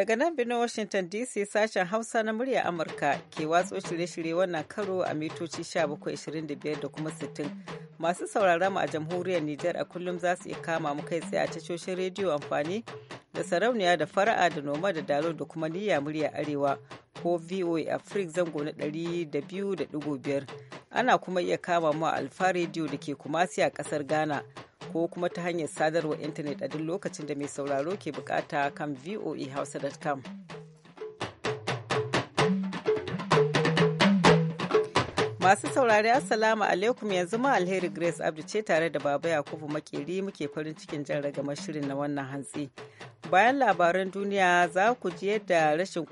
Daga nan birnin Washington DC sashen Hausa na murya Amurka ke watso shirye-shirye wannan karo a mitoci 1725 da kuma 60. Masu saurara mu a jamhuriyar Nijar a kullum za su iya kama mu kai tsaye a tashoshin rediyo amfani da sarauniya da fara'a da noma da dalo da kuma niyya murya arewa ko VOA Africa zango na 200.5. Ana kuma iya kama mu a Alfa Radio da ke kumasi a kasar Ghana. ko kuma ta hanyar sadarwar intanet a duk lokacin da mai sauraro ke bukata kan voahausa.com. Masu saurari Assalamu alaikum yanzu ma alheri Grace Abdu ce tare da Baba Yakubu Makeri muke farin cikin jan ragamar shirin na wannan hantsi. bayan labaran duniya za ku ji yadda rashin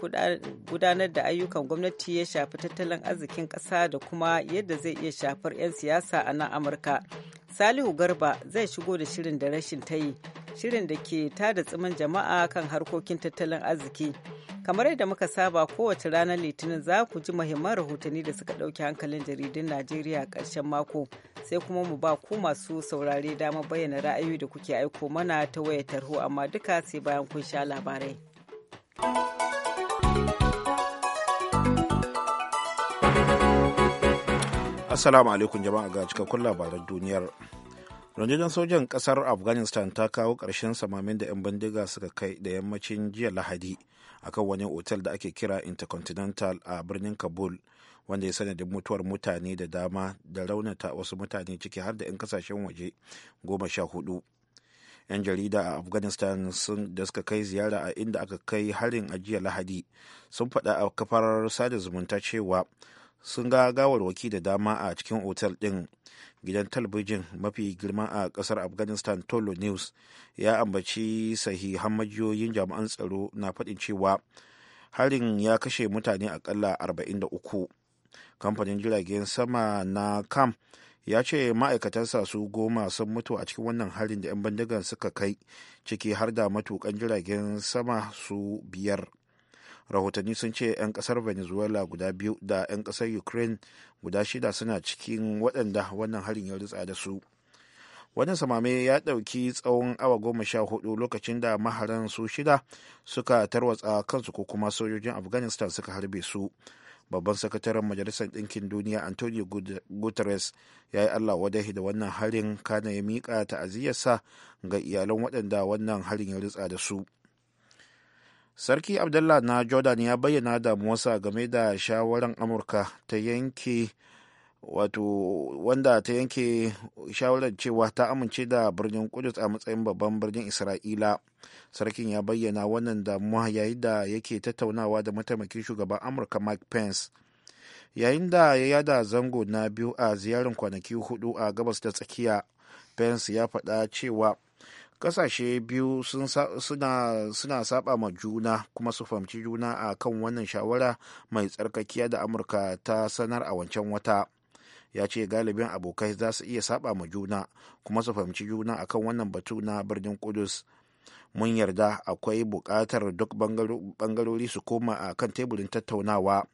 gudanar da ayyukan gwamnati ya shafi tattalin arzikin ƙasa da kuma yadda zai iya shafar 'yan siyasa a nan amurka salihu garba zai shigo da shirin da rashin ta yi shirin da ke tada tsimin jama'a kan harkokin tattalin arziki kamar yadda muka saba kowace ranar litinin za ku ji muhimman rahotanni da suka ɗauki hankalin jaridun najeriya a ƙarshen mako sai kuma mu ba ku masu saurare damar bayyana ra'ayoyi da kuke aiko mana ta wayar tarho amma duka sai bayan kun sha labarai assalamu alaikum jama'a ga cikakkun labaran duniyar rundunar sojan kasar afghanistan ta kawo ƙarshen samamin da 'yan bindiga suka kai da yammacin jiya lahadi a kan wani otal da ake kira intercontinental a birnin kabul wanda ya sanadin mutuwar mutane da dama da raunata wasu mutane ciki har da 'yan kasashen waje goma sha hudu 'yan jarida a afghanistan sun da suka kai ziyara a inda aka kai harin ajiya lahadi sun faɗa a kafar sada zumunta cewa sun ga gawarwaki da dama a cikin otal ɗin gidan talabijin mafi girma a ƙasar afghanistan tolo news ya ambaci sahihan majiyoyin jami'an tsaro na faɗin cewa harin ya kashe mutane akalla 43 kamfanin jiragen sama na kam ya ce ma'aikatansa su goma sun mutu a cikin wannan harin da 'yan bindigan suka kai ciki har da matukan jiragen sama su biyar rahotanni sun ce 'yan kasar venezuela guda biyu da 'yan kasar ukraine guda shida suna cikin waɗanda wannan harin ya ritsa da su wani samame ya ɗauki tsawon awa goma sha hudu lokacin da maharan su shida suka tarwatsa kansu ko kuma sojojin afghanistan suka harbe su babban sakataren majalisar ɗinkin duniya antonio guterres ya yi allah wadahi da wannan harin kana ya miƙa ta'aziyyarsa ga iyalan waɗanda wannan harin ya ritsa da su sarki abdullah na jordan ya bayyana damuwarsa game da shawarar amurka ta yanke wato wanda ta yanke shawarar cewa ta amince da birnin kudus a matsayin babban birnin isra'ila sarkin ya bayyana wannan damuwa yayin da yake tattaunawa da mataimakin shugaban amurka mike pence yayin da ya yada zango na biyu a ziyarar kwanaki hudu a gabas da tsakiya pence ya faɗa cewa kasashe biyu suna saba ma juna kuma su fahimci juna a kan wannan shawara mai tsarkakiya da amurka ta sanar a wancan wata ya ce galibin abokai za su iya saba ma juna kuma su fahimci juna a kan wannan batu na birnin kudus mun yarda akwai buƙatar duk bangarori su koma a kan teburin tattaunawa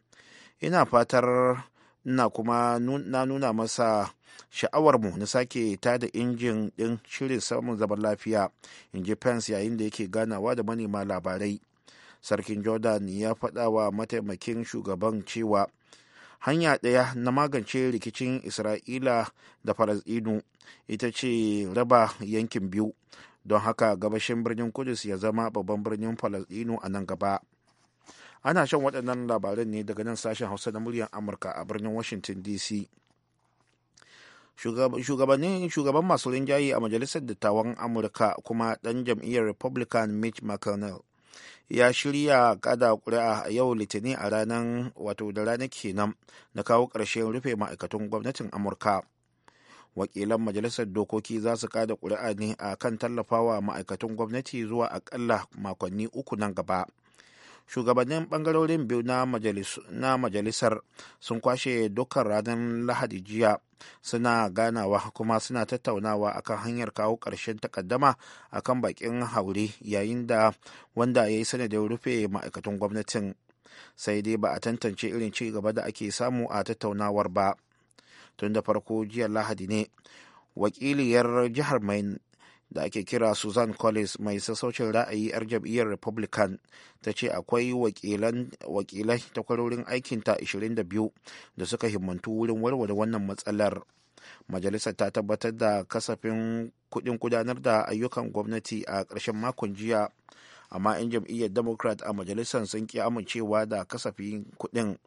ina fatar ina kuma na nuna masa sha'awarmu na sake ta da injin din shirin samun zaman lafiya in ji pence yayin da yake ganawa da manema labarai sarkin jordan ya faɗa wa mataimakin shugaban cewa hanya ɗaya na magance rikicin isra'ila da falasɗinu ita ce raba yankin biyu don haka gabashin birnin kudus ya zama babban birnin falasɗinu a nan gaba ana shan waɗannan labaran ne daga nan sashen hausa na muryar amurka a birnin washington dc shugaban masu rinjaye a majalisar dattawan amurka kuma ɗan jam'iyyar republican mitch mcconnell ya shirya kada ƙuri'a a yau litinin a ranar wato da ranar kenan na kawo ƙarshen rufe ma'aikatan gwamnatin amurka wakilan majalisar dokoki za su kada ƙuri'a ne a kan tallafawa ma'aikatan gwamnati zuwa akalla makonni uku nan gaba shugabannin bangarorin biyu na majalisar sun kwashe dukkan ranar lahadi jiya suna ganawa kuma suna tattaunawa akan hanyar kawo ƙarshen takaddama akan bakin haure yayin da wanda ya yi sanadin rufe ma'aikatan gwamnatin sai dai ba a tantance irin ci gaba da ake samu a tattaunawar ba tun da farko jiya lahadi ne wakiliyar jihar mai. da ake kira Susan Collins mai sassaucin ra'ayi 'yar jam'iyyar Republican ta ce akwai wakilai takwarorin aikinta 22 da suka himmantu wurin warware wannan matsalar. Majalisar ta tabbatar da kasafin kudin gudanar da ayyukan gwamnati a ƙarshen makon jiya amma 'yan jam'iyyar democrat a majalisar sun ki amincewa da kasafin kuɗin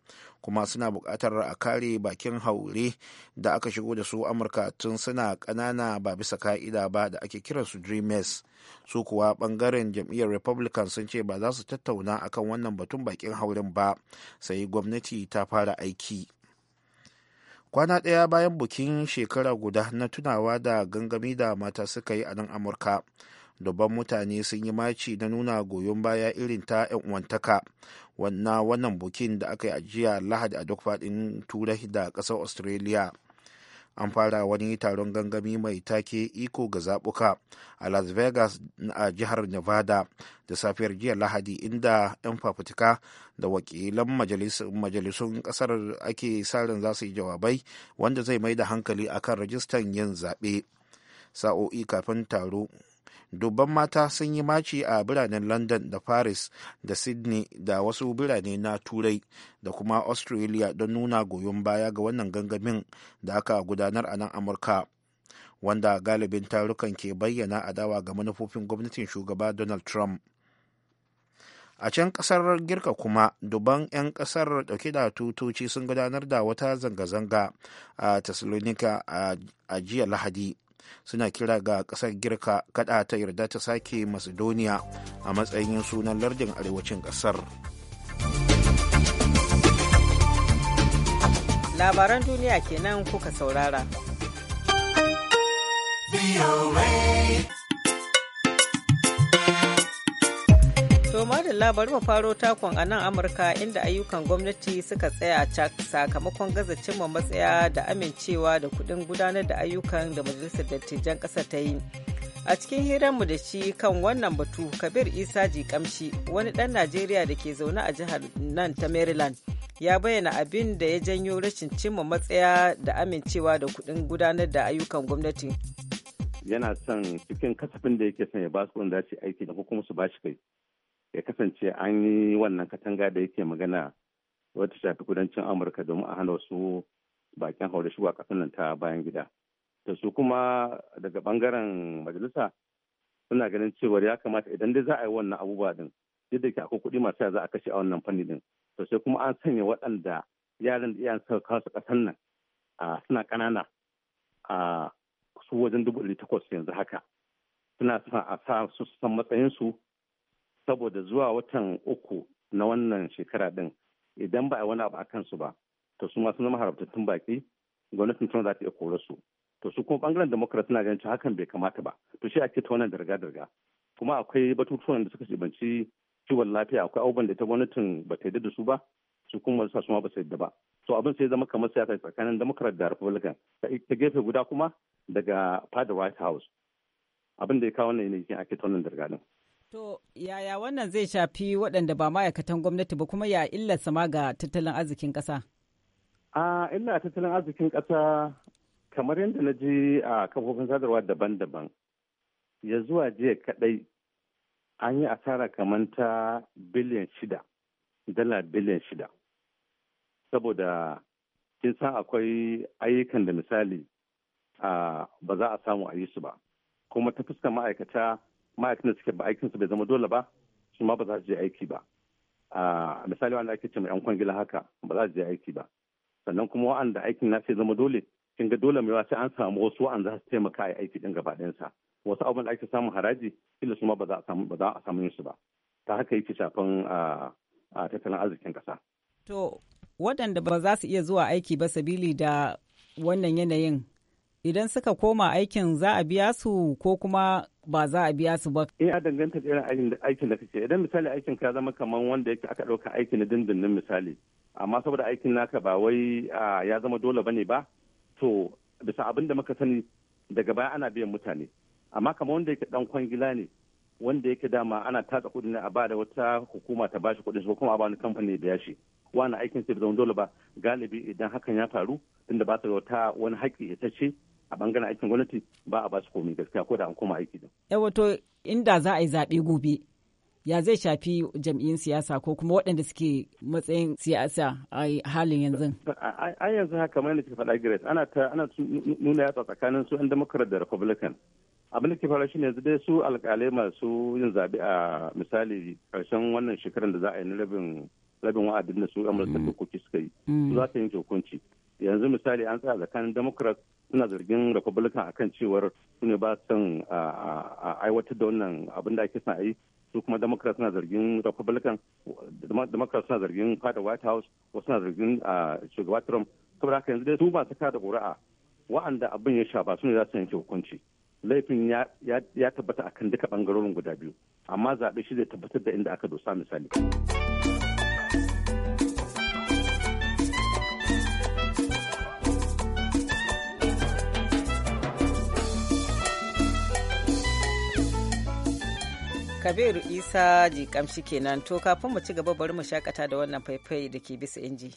kuma suna buƙatar a kare bakin haure da aka shigo da su amurka tun suna ƙanana ba bisa ka'ida ba da ake kiransu dreamers su kuwa ɓangaren jam'iyyar republican sun ce ba za su tattauna akan wannan batun bakin hauren ba sai gwamnati ta fara aiki kwana ɗaya bayan bukin shekara guda na tunawa da gangami da mata suka yi a nan amurka dubban mutane sun yi maci na nuna goyon baya irin ta 'yan uwantaka na wannan bukin da aka yi a jiya lahadi a duk faɗin turai da ƙasar australia an fara wani taron gangami mai take iko ga zaɓuka a las vegas a jihar nevada da safiyar jiya lahadi inda 'yan fafutuka da wakilan majalisun ƙasar ake sarin za su yi jawabai wanda zai mai da hankali akan rajistan yin zaɓe sa'o'i kafin taro dubban mata sun yi maci a biranen london da paris da sydney da wasu birane na turai da kuma australia don nuna goyon baya ga wannan gangamin da aka gudanar a nan amurka wanda galibin tarukan ke bayyana adawa ga manufofin gwamnatin shugaba donald trump a can kasar girka kuma dubban 'yan kasar dauke da tutoci sun gudanar da wata zanga-zanga a thessalonica a jiya lahadi suna kira ga ƙasar girka kada ta yarda ta sake macedonia a matsayin sunan lardin arewacin ƙasar labaran duniya kenan kuka saurara. To da bari mu faro takon a nan Amurka inda ayyukan gwamnati suka tsaya a sakamakon gaza cimma matsaya da amincewa da kudin gudanar da ayyukan da majalisar dattijan kasa ta yi. A cikin hiranmu da shi kan wannan batu Kabir Isa ji kamshi wani dan Najeriya da ke zaune a jihar nan ta Maryland ya bayyana abin da ya janyo rashin cimma matsaya da amincewa da kudin gudanar da ayyukan gwamnati. Yana son cikin kasafin da yake son ya ba su wanda aiki da kuma su ba shi kai. ya kasance an yi wannan katanga da yake magana wata shafi kudancin amurka domin a hana wasu bakin haure shigo a kasan nan ta bayan gida da su kuma daga bangaren majalisa suna ganin cewar ya kamata idan dai za a yi wannan abubuwa din duk da ke akwai kuɗi masu za a kashe a wannan fanni din to sai kuma an sanya waɗanda yaran da iyayen suka kawo su nan suna ƙanana a su wajen dubu ɗari takwas yanzu haka suna son a sa su san matsayinsu saboda zuwa watan uku na wannan shekara din idan ba a wani abu a kansu ba to su ma suna maharabtattun baki gwamnatin Trump za ta iya kore su to su kuma bangaren Democrat suna ganin cewa hakan bai kamata ba to shi ake ta wannan darga-darga kuma akwai batutuwan da suka shibanci kiwon lafiya akwai abubuwan da ita gwamnatin ba ta yadda da su ba su kuma sa su ma ba su yadda ba to abin sai zama kamar siyasa tsakanin Democrat da Republican ta gefe guda kuma daga fadar White House abin da ya kawo wannan yanayi ake ta wannan darga-darga To yaya wannan zai shafi waɗanda ba ma'aikatan gwamnati ba kuma ya illarsa ma ga tattalin arzikin ƙasa? A illa tattalin arzikin ƙasa kamar yadda na ji a kafofin sadarwa daban-daban ya zuwa jiya kaɗai an yi asara kamar ta biliyan shida, dala biliyan shida. Saboda kin san akwai ayyukan da misali ba za a samu a yi su ba. Kuma ta fuskar ma'aikata ma'aikatan da suke ba aikin bai zama dole ba su ma ba za su je aiki ba a misali wanda ake cewa yan kwangila haka ba za su je aiki ba sannan kuma wa'anda aikin na sai zama dole kin ga dole mai wasu an samu wasu wa'anda za su taimaka a aiki din gaba sa wasu abubuwan da ake samun haraji kila su ma ba za a samu ba za a samu su ba ta haka yake shafan tattalin arzikin kasa to waɗanda ba za su iya zuwa aiki ba sabili da wannan yanayin idan suka koma aikin za a biya su ko kuma ba za a biya su ba. Eh a danganta da irin aikin da kake idan misali aikin ka zama kamar wanda yake aka ɗauka aiki na dindindin misali amma saboda aikin naka ba wai ya zama dole bane ba to bisa abin da muka sani daga baya ana biyan mutane amma kamar wanda yake dan kwangila ne wanda yake dama ana tatsa kuɗi ne a ba da wata hukuma ta bashi kuɗi shi kuma a ba wani kamfani da ya shi wani aikin sai zama dole ba galibi idan hakan ya faru tunda ba ta wata wani haƙƙi ita ce a bangaren aikin gwamnati ba a ba su komai gaskiya ko da an koma aiki da. Yawa wato inda za a yi zaɓe gobe ya zai shafi jam'iyyun siyasa ko kuma waɗanda suke matsayin siyasa a halin yanzu. A yanzu haka mai nake faɗa gire ana ta ana nuna yatsa tsakanin su 'yan Democrat da Republican. Abin da ke yanzu dai su alƙalai masu yin zaɓe a misali ƙarshen wannan shekarar da za a yi na wa'adin da su amurka mm. dokoki suka yi su mm. za ta yanke hukunci yanzu misali an tsaya tsakanin democrat suna zargin republican kan cewar su ne ba son aiwatar da wannan abin da ake yi su kuma democrat suna zargin republican democrat suna zargin fada white house wasu suna zargin shugaba trump saboda haka yanzu dai su masu kada ƙuri'a wa'anda abin ya shafa su ne za su yanke hukunci laifin ya tabbata akan duka bangarorin guda biyu amma zaɓe shi zai tabbatar da inda aka dosa misali. kabiru isa kamshi kenan to kafin mu ci gaba bari mu shakata da wannan faifai da ke bisa inji.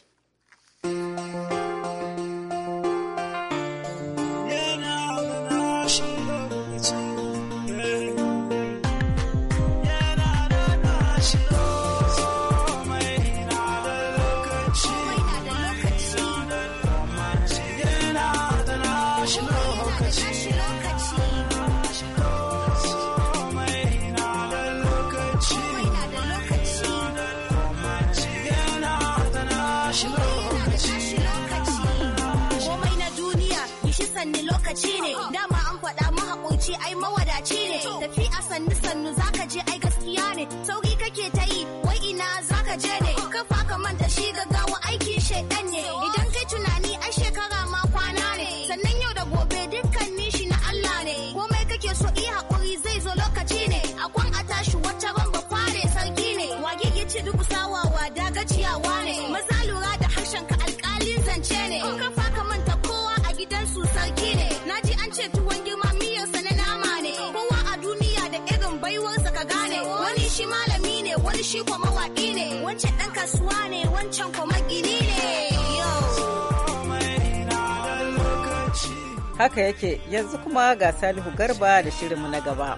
Haka yake yanzu kuma ga Salihu Garba da shirinmu na gaba.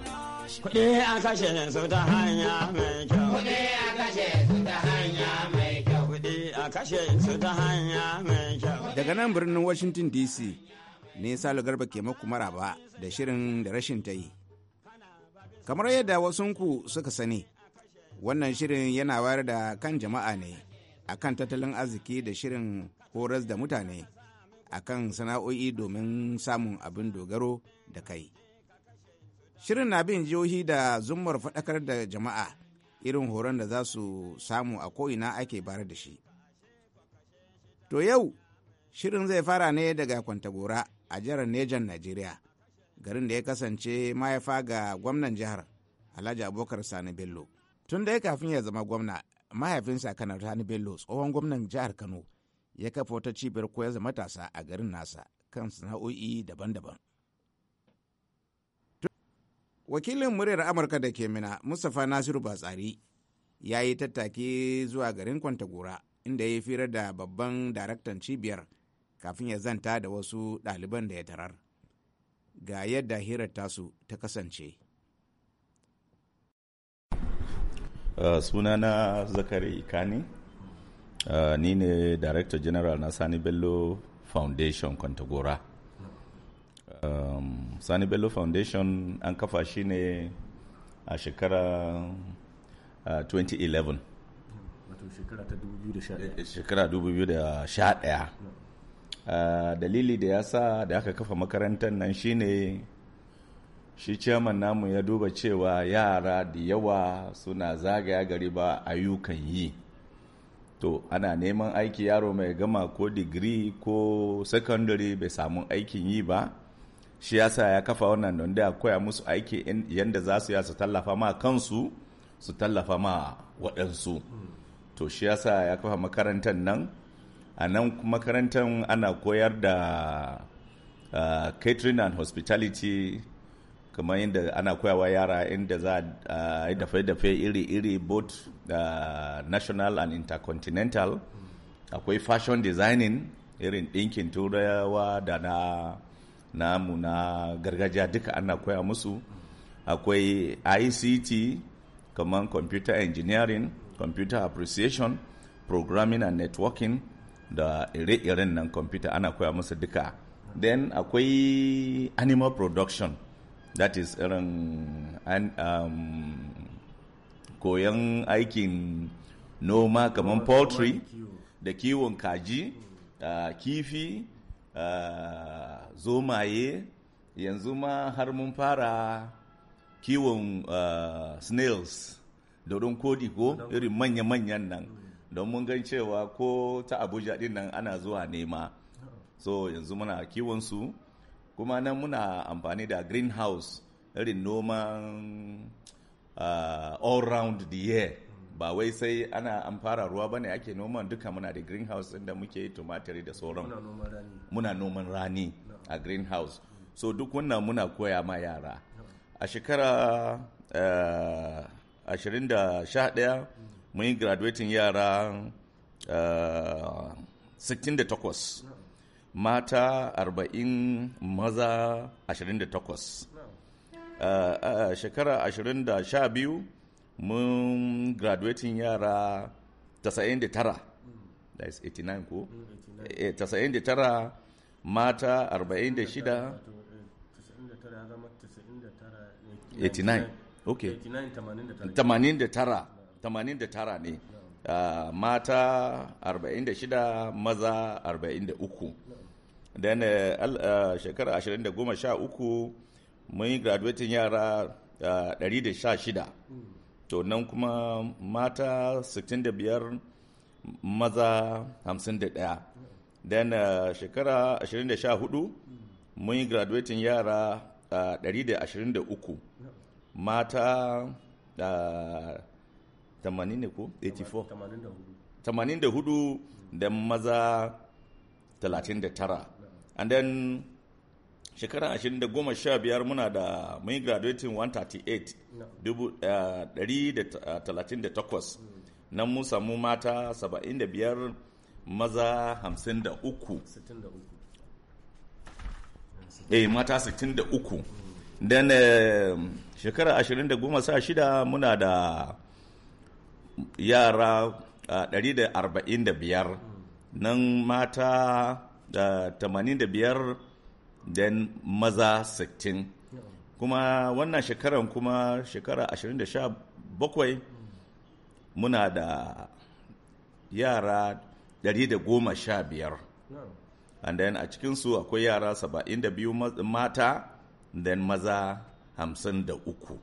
Daga nan birnin Washington DC ne Salihu Garba ke muku maraba da shirin da rashin ta yi. Kamar yadda wasunku suka sani, wannan shirin yana wayar da kan jama'a ne akan tattalin arziki da shirin horas da mutane a kan sana'o'i domin samun abin dogaro da kai shirin na bin jihohi da zumar faɗakar da jama'a irin horon da za su samu a ko'ina ake bayar da shi to yau shirin zai fara ne daga kwantagora a jihar nejan najeriya garin da ya kasance mahaifa ga gwamnan jihar alhaji abubakar sani bello tun da ya kafin ya zama gwamna mahaifinsa kanar sani bello tsohon gwamnan jihar kano ya kafa wata cibiyar koyar da matasa a garin nasa kan sana'o'i daban-daban. Wakilin muryar Amurka da ke mina Mustapha Nasiru Batsari ya yi tattaki zuwa garin Kwantagora inda ya firar da babban daraktan cibiyar kafin ya zanta da wasu ɗaliban da ya tarar. Ga yadda hirar tasu ta kasance. Uh, sunana Zakari Kani. Uh, ni ne director general na sani bello foundation kwantagora um, sani bello foundation an kafa shi ne a shekara uh, 2011 shekara 2011 uh, dalili da ya sa da aka kafa makarantar nan shine shi ciyaman namu ya duba cewa yara da yawa suna zagaya gari ba ayyukan yi to ana neman aiki yaro mai gama ko digiri ko secondary bai samu aikin yi ba shi yasa ya kafa wannan don da koya musu aiki yadda za su su tallafa ma kansu su tallafa ma waɗansu to shi yasa ya kafa makarantar nan a nan makarantar ana koyar da uh, catering and hospitality kamar yadda ana koyawa yara inda za a yi dafe-dafe iri-iri both national and intercontinental akwai fashion designing irin ɗinkin turawa da na namu na gargajiya duka ana koya musu akwai ict kamar computer engineering computer appreciation programming and networking da ire-iren nan computer ana koya musu duka then akwai animal production that is irin um, koyon aikin noma kamar poultry da kiwon kaji uh, kifi uh, zomaye yanzu ma har mun fara kiwon uh, snails don kodi ko irin manya-manyan nan mm. don mun gan cewa ko ta abuja din nan ana zuwa nema oh. so yanzu muna kiwon su kuma nan muna amfani da greenhouse irin noman uh, all round the year ba wai sai ana an fara ruwa bane ake noman duka muna da greenhouse inda muke tumatiri da sauran muna noman rani a greenhouse so duk wannan muna koya ma yara a shekara uh, ah, 21 mun yi graduating yara uh, ah, 68 mata 40 maza 28 uh, uh, shekara 2012 mun graduating yara 99 that is 89 ko 99 eh, mata 46 89 ok 89 89 ne uh, mata 46 maza 43 no. dan shekara 2013 mun yi graduating yara 116 to nan kuma mata 65 maza 51 dan shekara 2014 mun yi graduating yara 123 mata 80 ne ko 84 84 da maza 39 and then shekara ashirin muna da mai graduating 138 dubu eh, ɗari da eh, talatin hmm. nan mun samu mata 75 da biyar maza hamsin da eh mata sittin da uku hmm. eh, shekara ashirin muna da yara ɗari da arba'in hmm. nan mata 85 then maza 60 kuma wannan shekaran kuma shekara 27 muna da yara 115 and then a cikinsu akwai yara 72 mata then maza 53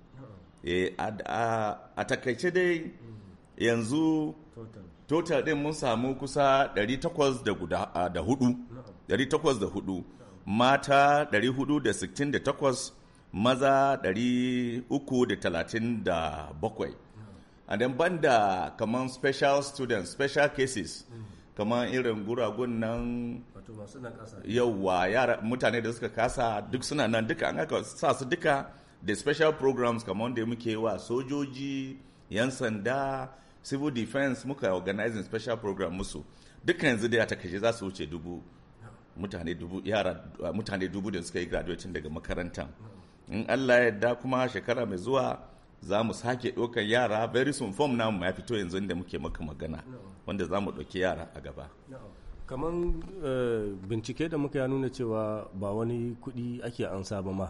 e, eh, a, a, a takaice dai yanzu total din mun samu kusa 800 da hudu 804 mata 468 maza 337 and then banda kaman special students special cases kaman irin guragun nan yauwa yara mutane da suka kasa duk suna nan duka an aka sa su duka da special programs kaman da muke wa sojoji yan sanda civil defense muka organizing special program musu dukkan yanzu da ya ta kashe za su wuce dubu mutane dubu yara ah, mutane dubu da suka yi graduation daga makarantan in Allah ya yarda kuma shekara mai zuwa za mu sake ɗaukar yara very soon form namu ya fito yanzu inda muke maka magana wanda za mu ɗauki yara a gaba kamar eh, bincike da muka ya nuna cewa ba wani kuɗi ake an saba ma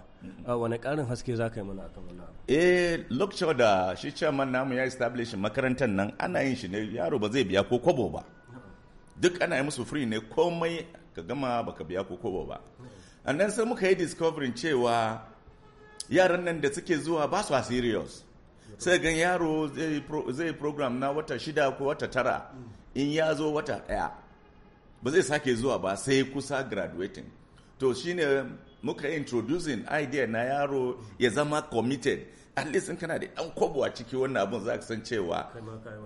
a ah, wani ƙarin haske za ka yi mana akan wannan eh lokacin da shi chairman namu ya establish makarantar nan ana yin shi ne yaro ba zai biya ko kwabo ba duk ana yi musu free ne komai ka gama baka biya ko kobo ba and then sai muka yi discovering cewa yaran nan da suke zuwa ba su serious sai gan yaro zai program na wata shida ko wata tara in ya zo wata daya ba zai sake zuwa ba sai kusa graduating to shine muka introducing idea na yaro ya zama committed at least in kana da dan kobo a ciki wannan abun za ka san cewa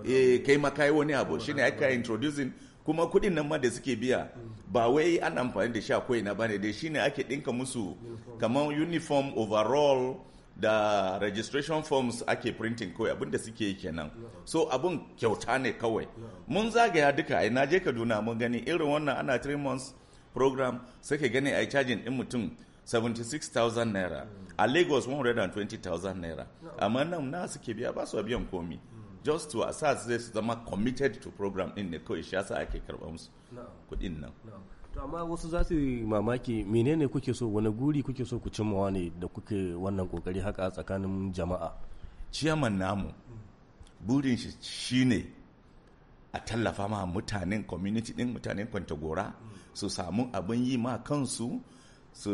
eh kai ma eh, wani abu shine aka introducing kuma kuɗin nan ma da suke biya ba wai an amfani da sha koyi na bane shi ne ake ɗinka musu kamar uniform overall da registration forms ake printing kawai abin suke yi kenan so abin kyauta ne kawai mun zagaya duka ai na je kaduna mun gani irin wannan ana 3 months program sai gani ai charging din mutum 76,000 naira mm. a lagos 120,000 naira amma nan na suke biya ba su biyan komi just to a sa zai su zama committed to program din ne kawai shi yasa ake karɓa musu kuɗin nan to amma wasu za su mamaki menene kuke so wani guri kuke so ku cimmawa ne da kuke wannan kokari haka tsakanin jama'a ciyaman namu burin shi shine a tallafa ma mutanen community din mutanen kwantagora su samu abin yi ma kansu su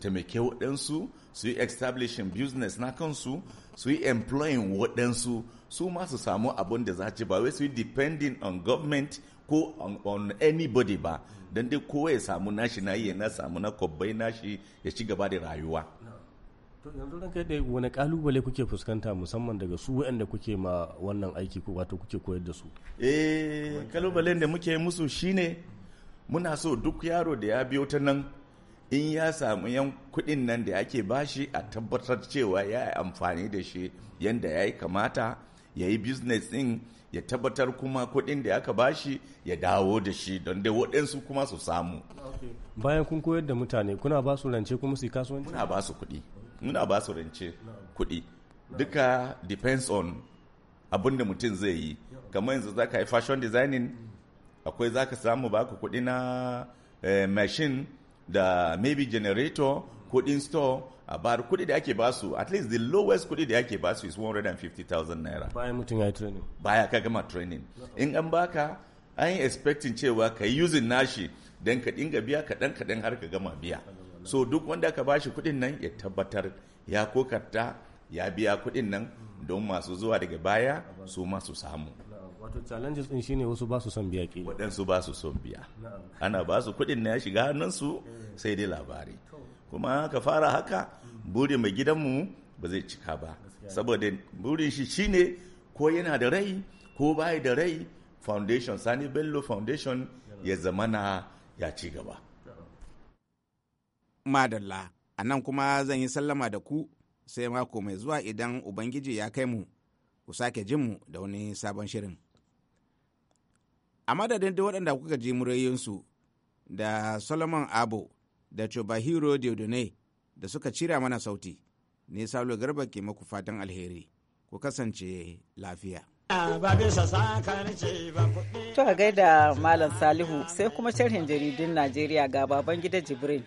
taimake waɗansu su yi establishing business na kansu su yi employing waɗansu su ma su samu abin da za ci ba wai su yi depending on government ko on, on anybody ba don dai kowa ya samu nashi na yi na samu na kwabbai nashi ya ci gaba da rayuwa to yanzu ran kai dai wani kalubale kuke fuskanta musamman daga su waɗanda kuke ma wannan aiki ko wato kuke koyar da su eh kalubalen da muke musu shine muna so duk yaro da ya biyo ta nan in ya samu yan kuɗin nan da ake bashi a tabbatar cewa ya yi amfani da shi yadda ya yi kamata ya yi business ɗin ya tabbatar kuma kuɗin da aka bashi ya dawo da shi don da waɗansu kuma su samu bayan kun koyar da mutane kuna ba su rance kuma su yi kasuwanci muna ba su kuɗi muna ba su rance kuɗi duka depends on abin da mutum zai yi kamar yanzu za ka yi fashion designing akwai za ka samu ba ku kuɗi na eh, machine da maybe generator kudin store a bar kudi da ake basu at least the lowest kudi da ake basu is 150,000 naira bayan mutum ya yi training baya ka gama training in an baka an yi expecting cewa ka yi using nashi don ka dinga biya kaɗan kaɗan har ka gama biya so duk wanda ka bashi kudin nan ya tabbatar ya kokarta ya biya kudin nan don masu zuwa daga baya su masu samu wato challenges din shine wasu ba su son biya ke waɗansu ba su son biya ana ba su kuɗin na ya shiga hannunsu eh. sai dai labari kuma ka fara haka buri mai gidanmu ba zai cika ba saboda burin shi shine ko yana da rai ko bai da rai foundation sani bello foundation ya zamana ya ci gaba madalla a nan kuma zan yi sallama da ku sai mako mai zuwa idan ubangiji ya kai mu ku sake jinmu da wani sabon shirin. a madadin da waɗanda kuka ji murayinsu da solomon abu da chobahiro diodone da suka cira mana sauti ne salo garba ke maku fatan alheri ku kasance lafiya To a gaida Malam Salihu sai kuma sharhin jaridun Najeriya ga baban gida Jibril.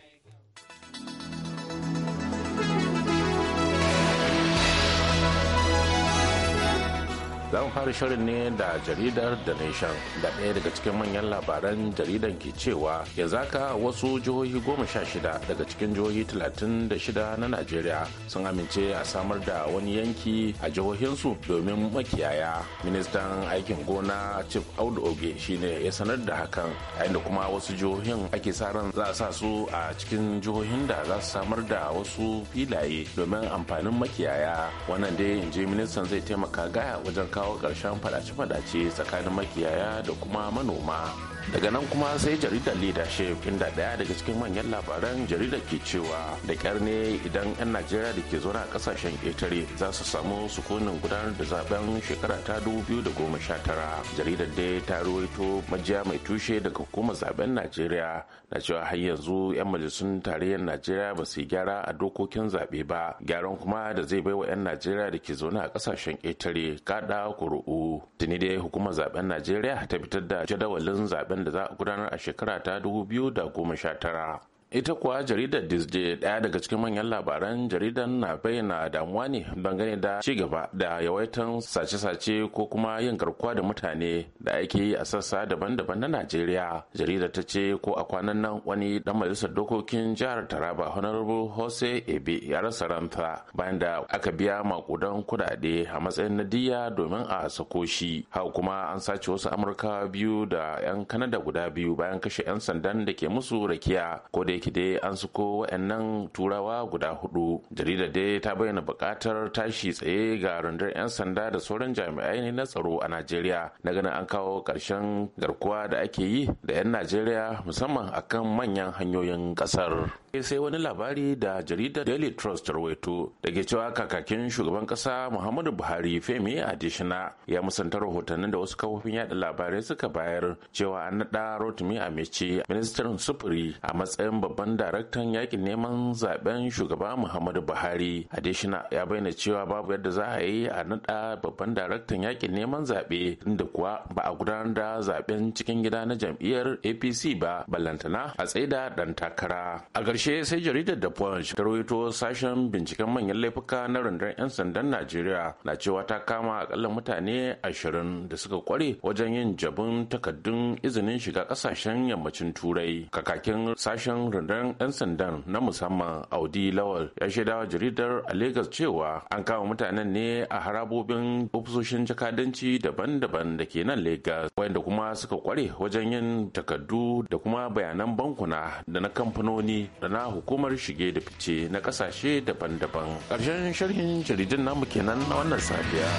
za mu fara shirin ne da jaridar da nation da ɗaya daga cikin manyan labaran jaridan ke cewa ya zaka wasu jihohi goma sha shida daga cikin jihohi talatin da shida na najeriya sun amince a samar da wani yanki a jihohinsu domin makiyaya ministan aikin gona chief audu oge shine ya sanar da hakan yayin da kuma wasu jihohin ake sa ran za a sa su a cikin jihohin da za su samar da wasu filaye domin amfanin makiyaya wannan dai in ji ministan zai taimaka gaya wajen kawo kawo ƙarshen fadace-fadace tsakanin makiyaya da kuma manoma daga nan kuma sai jaridar leadership inda daya daga cikin manyan labaran jaridar ke cewa da kyar ne idan 'yan najeriya da ke zaune a kasashen ƙetare za su samu sukunin gudanar da zaben shekara ta da goma sha tara. jaridar dai ta ruwaito majiya mai tushe daga hukumar zaben najeriya na cewa har yanzu 'yan majalisun tarayyar najeriya ba su yi gyara a dokokin zaɓe ba gyaran kuma da zai baiwa 'yan najeriya da ke zaune a kasashen ƙetare kaɗa kuri'u tuni dai hukumar zaben najeriya ta fitar da jadawalin zaben zaben da za a gudanar a shekara ta 2019 ita kuwa jaridar disney daya daga cikin manyan labaran jaridar na bayyana damuwa ne dangane da cigaba da yawaitan sace-sace ko kuma yin garkuwa da mutane da ake yi a sassa daban-daban na najeriya jaridar ta ce ko a kwanan nan wani dan majalisar dokokin jihar taraba honorable hose ebe ya rasa ranta bayan da aka biya makudan kudade a matsayin na diya domin a sako shi haka kuma an sace wasu amurka biyu da 'yan kanada guda biyu bayan kashe 'yan sandan da ke musu rakiya ko da yake dai an suko waɗannan turawa guda hudu jaridar dai ta bayyana buƙatar tashi tsaye ga rundar 'yan sanda da sauran jami'ai ne na tsaro a najeriya na ganin an kawo ƙarshen garkuwa da ake yi da 'yan najeriya musamman akan manyan hanyoyin ƙasar sai wani labari da jaridar daily trust rawaito da ke cewa kakakin shugaban ƙasa muhammadu buhari femi adishina ya musanta rahotannin da wasu kafofin yada labarai suka bayar cewa an naɗa rotimi a mece ministan sufuri a matsayin babban daraktan yakin neman zaben shugaba muhammadu buhari adishina ya bayyana cewa babu yadda za a yi a nada babban daraktan yakin neman zaɓe inda kuwa ba a gudanar da zaben cikin gida na jam'iyyar apc ba ballantana a da dan takara a ƙarshe sai jaridar da punch ta rawaito sashen binciken manyan laifuka na rundunar 'yan sandan najeriya na cewa ta kama akalla mutane ashirin da suka kware wajen yin jabin takardun izinin shiga ƙasashen yammacin turai kakakin sashen rundunar 'yan sandan na musamman audi lawal ya shaidawa jaridar a lagos cewa an kama mutanen ne a harabobin ofisoshin jakadanci daban-daban da ke nan lagos wanda kuma suka kware wajen yin takardu da kuma bayanan bankuna da na kamfanoni da na hukumar shige da fice na kasashe daban-daban karshen sharhin jaridun namu kenan na wannan safiya.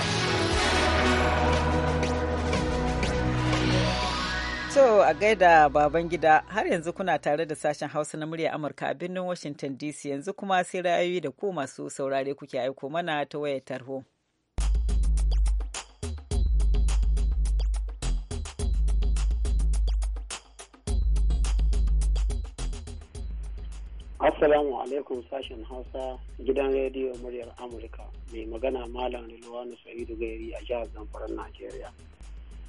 To a gaida baban gida har yanzu kuna tare da sashen Hausa na murya Amurka a birnin Washington DC yanzu kuma sai ra'ayoyi da ku masu saurare kuke aiko mana ta wayar tarho. Assalamu alaikum sashen Hausa gidan rediyo muryar Amurka mai magana Malam Rilwanu Sa'idu Gairi a jihar Zamfara Najeriya.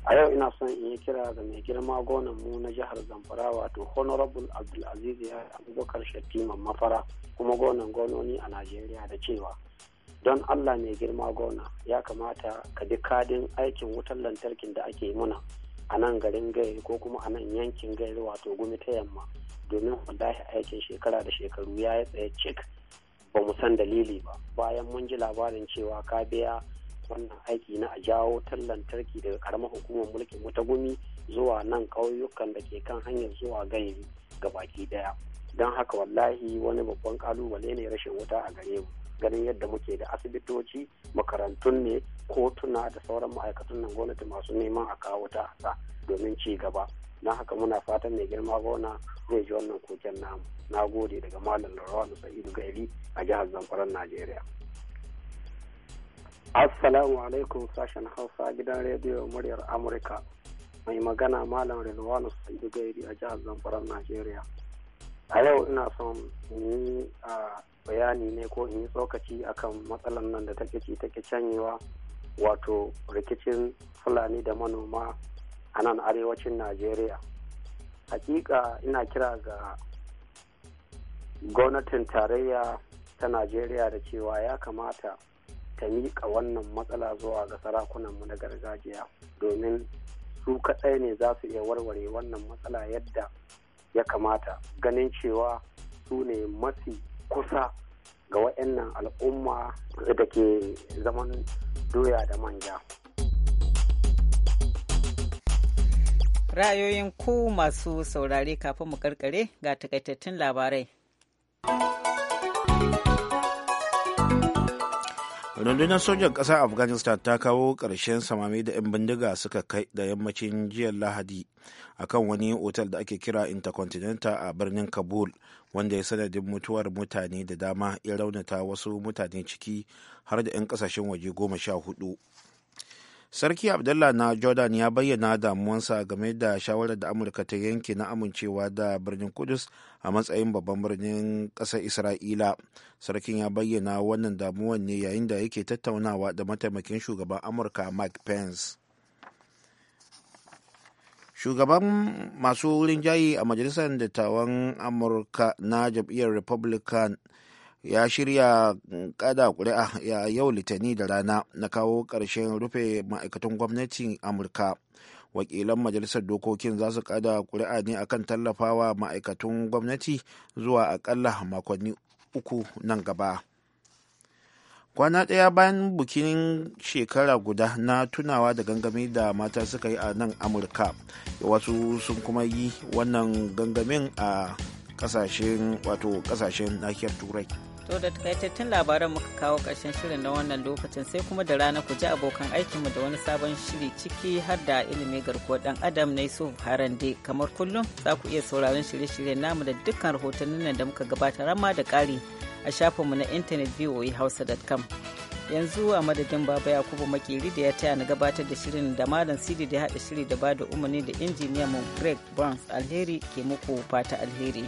a yau ina son in yi kira ga mai girma gonan mu na jihar zamfara wato honorable abdulaziz ya abubakar shattiman mafara kuma gonan gononi a najeriya da cewa don allah mai girma gona ya kamata ka bi kadin aikin wutar lantarkin da ake muna a nan garin gayar ko kuma a nan yankin gayar wato gumi ta yamma domin wallahi aikin shekara da shekaru ya yi tsaye cik ba mu san dalili ba bayan mun ji labarin cewa ka biya wannan aiki na a jawo wutar lantarki daga karamar hukumar mulkin wuta gumi zuwa nan kauyukan da ke kan hanyar zuwa gairi baki daya don haka wallahi wani babban kalubale ne rashin wuta a gare mu ganin yadda muke da asibitoci makarantun ne kotuna da sauran ma'aikatan nan gwamnati masu neman a kawo wuta a sa domin ci gaba na haka muna fatan mai girma gona zai ji wannan koken namu na gode daga malam larawa da sa'idu gairi a jihar zamfara najeriya Assalamu alaikum sashen Hausa gidan rediyo muryar Amurka. Mai magana Malam Rilwanu Sa'idu Gairi a jihar Zamfara, Najeriya. A yau ina son in yi bayani ne ko in yi tsokaci akan matsalan nan da take ci take canyewa wato rikicin Fulani da manoma a nan arewacin Najeriya. Hakika ina kira ga gwamnatin tarayya ta Najeriya da cewa ya kamata ta miƙa wannan matsala zuwa ga sarakunanmu na gargajiya domin su kaɗai ne za su iya warware wannan matsala yadda ya kamata ganin cewa su ne mafi kusa ga wa'annan al'umma da ke zaman doya da manja. Ra'ayoyin ku masu saurare kafin mu karkare ga takaitattun labarai. rundunar sojan ƙasar afghanistan ta kawo ƙarshen samami da 'yan bindiga suka kai da yammacin jiya lahadi a kan wani otal da ake kira intercontinental a birnin kabul wanda ya sanadin mutuwar mutane da dama ya raunata wasu mutane ciki har da 'yan ƙasashen waje goma sha hudu sarki abdullah na jordan ya bayyana damuwansa game da shawarar da amurka ta yanke na amincewa da birnin kudus a matsayin babban birnin ƙasar isra'ila sarkin ya bayyana wannan damuwan ne yayin da yake tattaunawa da mataimakin shugaban amurka mike pence shugaban masu wurin jayi a majalisar dattawan amurka na jam'iyyar republican ya shirya kada kuri'a ya yau litani da rana na kawo ƙarshen rufe ma'aikatan gwamnatin amurka wakilan majalisar dokokin za su kada kuri'a ne akan tallafawa ma'aikatun gwamnati zuwa akalla makonni uku nan gaba kwana ɗaya bayan bikin shekara guda na tunawa da gangami da mata suka yi a nan amurka wasu sun kuma yi wannan gangamin a kasashen wato kasashen nahiyar turai To da takaitattun labaran muka kawo ƙarshen shirin na wannan lokacin sai kuma da rana ku ji abokan aikinmu da wani sabon shiri ciki har da ilimi garkuwar ɗan adam na Yusuf Harande kamar kullum za ku iya sauraron shirye-shiryen namu da dukkan rahotannin da muka gabatar amma da ƙari a shafinmu na intanet hausa.com. Yanzu a madadin Baba Yakubu Makeri da ya taya na gabatar da shirin da Malam Sidi da haɗa shiri da ba da umarni da injiniyan mu Greg Burns alheri ke muku fata alheri.